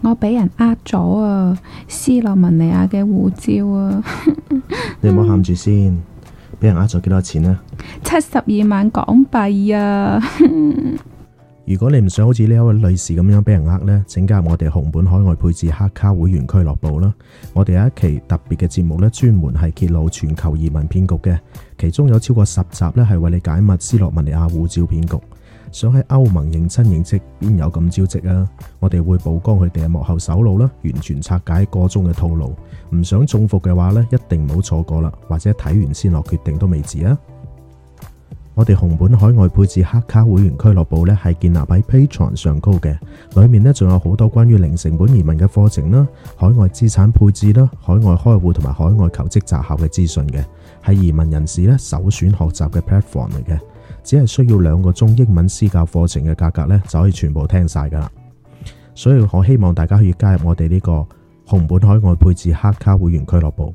我俾人呃咗啊！斯洛文尼亞嘅護照啊， 你唔好喊住先，俾 人呃咗幾多錢啊？七十二萬港幣啊！ 如果你唔想好似呢一位女士咁樣俾人呃呢，請加入我哋紅本海外配置黑卡會員俱樂部啦！我哋有一期特別嘅節目呢，專門係揭露全球移民騙局嘅，其中有超過十集呢，係為你解密斯洛文尼亞護照騙局。想喺歐盟認親認戚，邊有咁招積啊？我哋會曝光佢哋幕後首腦啦，完全拆解個中嘅套路。唔想中伏嘅話咧，一定唔好錯過啦，或者睇完先落決定都未遲啊！我哋紅本海外配置黑卡會員俱樂部咧，係建立喺 Patreon 上高嘅，裏面咧仲有好多關於零成本移民嘅課程啦，海外資產配置啦，海外開戶同埋海外求職擇校嘅資訊嘅，係移民人士咧首選學習嘅 platform 嚟嘅。只係需要兩個鐘英文私教課程嘅價格呢，就可以全部聽晒噶啦。所以我希望大家可以加入我哋呢個紅本海外配置黑卡會員俱樂部。